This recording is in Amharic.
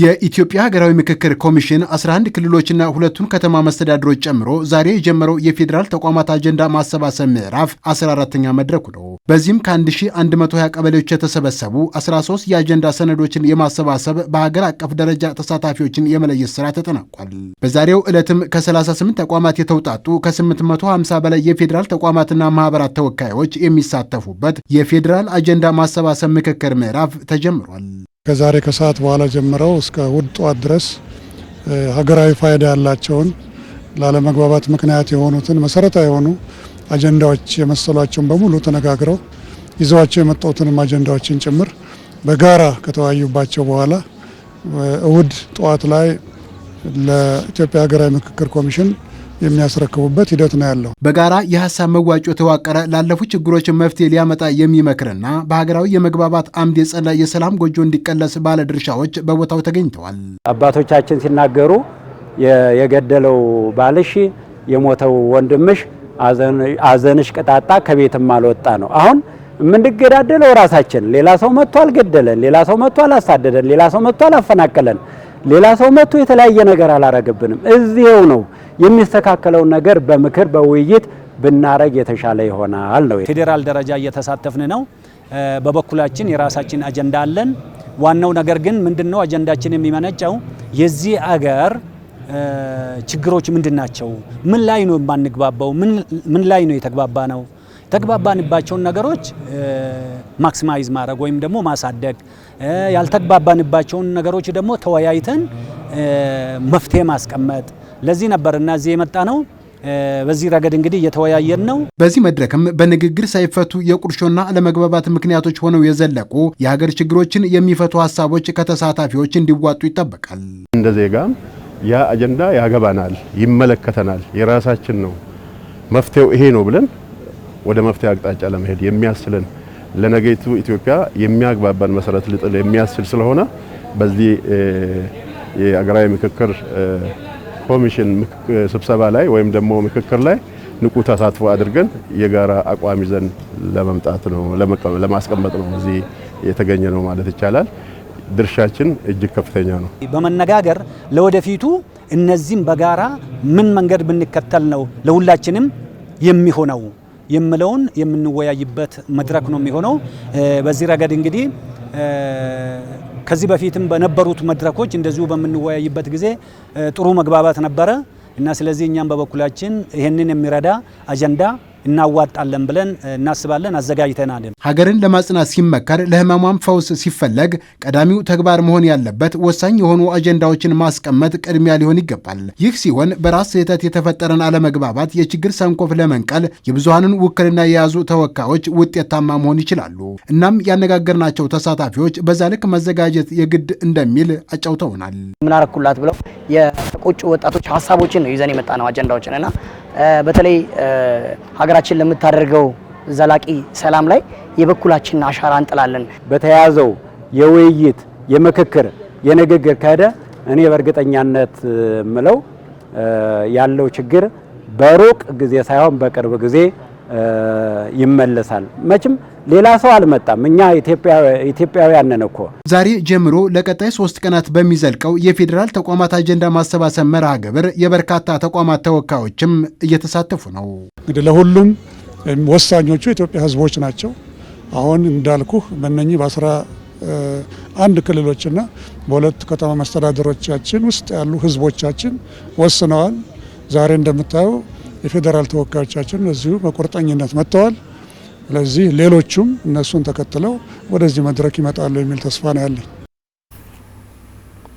የኢትዮጵያ ሀገራዊ ምክክር ኮሚሽን 11 ክልሎችና ሁለቱን ከተማ መስተዳድሮች ጨምሮ ዛሬ የጀመረው የፌዴራል ተቋማት አጀንዳ ማሰባሰብ ምዕራፍ 14ኛ መድረኩ ነው። በዚህም ከ1120 ቀበሌዎች የተሰበሰቡ 13 የአጀንዳ ሰነዶችን የማሰባሰብ በሀገር አቀፍ ደረጃ ተሳታፊዎችን የመለየት ስራ ተጠናቋል። በዛሬው ዕለትም ከ38 ተቋማት የተውጣጡ ከ850 በላይ የፌዴራል ተቋማትና ማህበራት ተወካዮች የሚሳተፉበት የፌዴራል አጀንዳ ማሰባሰብ ምክክር ምዕራፍ ተጀምሯል። ከዛሬ ከሰዓት በኋላ ጀምረው እስከ እሁድ ጠዋት ድረስ ሀገራዊ ፋይዳ ያላቸውን ላለመግባባት ምክንያት የሆኑትን መሰረታዊ የሆኑ አጀንዳዎች የመሰሏቸውን በሙሉ ተነጋግረው ይዘዋቸው የመጣሁትንም አጀንዳዎችን ጭምር በጋራ ከተወያዩባቸው በኋላ እሁድ ጠዋት ላይ ለኢትዮጵያ ሀገራዊ ምክክር ኮሚሽን የሚያስረክቡበት ሂደት ነው ያለው። በጋራ የሀሳብ መዋጮ የተዋቀረ ላለፉ ችግሮች መፍትሄ ሊያመጣ የሚመክርና በሀገራዊ የመግባባት አምድ የጸና የሰላም ጎጆ እንዲቀለስ ባለ ድርሻዎች በቦታው ተገኝተዋል። አባቶቻችን ሲናገሩ የገደለው ባልሽ የሞተው ወንድምሽ አዘንሽ ቅጣጣ ከቤትም አልወጣ ነው። አሁን የምንገዳደለው ራሳችን። ሌላ ሰው መጥቶ አልገደለን፣ ሌላ ሰው መጥቶ አላሳደደን፣ ሌላ ሰው መጥቶ አላፈናቀለን። ሌላ ሰው መጥቶ የተለያየ ነገር አላረገብንም። እዚው ነው የሚስተካከለውን ነገር በምክር በውይይት ብናረግ የተሻለ ይሆናል ነው። ፌዴራል ደረጃ እየተሳተፍን ነው። በበኩላችን የራሳችን አጀንዳ አለን። ዋናው ነገር ግን ምንድነው አጀንዳችን የሚመነጨው የዚህ አገር ችግሮች ምንድናቸው? ምን ላይ ነው የማንግባባው? ምን ላይ ነው የተግባባ ነው ተግባባንባቸውን ነገሮች ማክሲማይዝ ማድረግ ወይም ደግሞ ማሳደግ፣ ያልተግባባንባቸውን ነገሮች ደግሞ ተወያይተን መፍትሄ ማስቀመጥ ለዚህ ነበር እና እዚህ የመጣ ነው። በዚህ ረገድ እንግዲህ እየተወያየን ነው። በዚህ መድረክም በንግግር ሳይፈቱ የቁርሾና አለመግባባት ምክንያቶች ሆነው የዘለቁ የሀገር ችግሮችን የሚፈቱ ሀሳቦች ከተሳታፊዎች እንዲዋጡ ይጠበቃል። እንደ ዜጋም ያ አጀንዳ ያገባናል፣ ይመለከተናል፣ የራሳችን ነው፣ መፍትሄው ይሄ ነው ብለን ወደ መፍትሄ አቅጣጫ ለመሄድ የሚያስችልን ለነገይቱ ኢትዮጵያ የሚያግባባን መሰረት ልጥል የሚያስችል ስለሆነ በዚህ የአገራዊ ምክክር ኮሚሽን ስብሰባ ላይ ወይም ደግሞ ምክክር ላይ ንቁ ተሳትፎ አድርገን የጋራ አቋም ይዘን ለመምጣት ነው ለማስቀመጥ ነው እዚህ የተገኘ ነው ማለት ይቻላል። ድርሻችን እጅግ ከፍተኛ ነው። በመነጋገር ለወደፊቱ እነዚህም በጋራ ምን መንገድ ብንከተል ነው ለሁላችንም የሚሆነው የምለውን የምንወያይበት መድረክ ነው የሚሆነው። በዚህ ረገድ እንግዲህ ከዚህ በፊትም በነበሩት መድረኮች እንደዚሁ በምንወያይበት ጊዜ ጥሩ መግባባት ነበረ እና ስለዚህ እኛም በበኩላችን ይህንን የሚረዳ አጀንዳ እናዋጣለን ብለን እናስባለን። አዘጋጅተናል። ሀገርን ለማጽናት ሲመከር፣ ለህመማም ፈውስ ሲፈለግ ቀዳሚው ተግባር መሆን ያለበት ወሳኝ የሆኑ አጀንዳዎችን ማስቀመጥ ቅድሚያ ሊሆን ይገባል። ይህ ሲሆን በራስ ስህተት የተፈጠረን አለመግባባት የችግር ሰንኮፍ ለመንቀል የብዙሃንን ውክልና የያዙ ተወካዮች ውጤታማ መሆን ይችላሉ። እናም ያነጋገርናቸው ተሳታፊዎች በዛ ልክ መዘጋጀት የግድ እንደሚል አጫውተውናል። ምናረኩላት ብለው የቁጭ ወጣቶች ሀሳቦችን ነው ይዘን የመጣ ነው አጀንዳዎችን እና በተለይ ሀገራችን ለምታደርገው ዘላቂ ሰላም ላይ የበኩላችንን አሻራ እንጥላለን። በተያያዘው የውይይት የምክክር፣ የንግግር ከሄደ እኔ በእርግጠኛነት ምለው ያለው ችግር በሩቅ ጊዜ ሳይሆን በቅርብ ጊዜ ይመለሳል መችም ሌላ ሰው አልመጣም። እኛ ነን እኮ ዛሬ ጀምሮ ለቀጣይ ሶስት ቀናት በሚዘልቀው የፌዴራል ተቋማት አጀንዳ ማሰባሰብ መርሃ ግብር የበርካታ ተቋማት ተወካዮችም እየተሳተፉ ነው። እንግዲህ ለሁሉም ወሳኞቹ የኢትዮጵያ ህዝቦች ናቸው። አሁን እንዳልኩህ በነህ በአስራ አንድ ክልሎችና በሁለት ከተማ መስተዳደሮቻችን ውስጥ ያሉ ህዝቦቻችን ወስነዋል። ዛሬ እንደምታየው የፌዴራል ተወካዮቻችን እዚሁ በቁርጠኝነት መጥተዋል። ስለዚህ ሌሎቹም እነሱን ተከትለው ወደዚህ መድረክ ይመጣሉ የሚል ተስፋ ነው ያለኝ።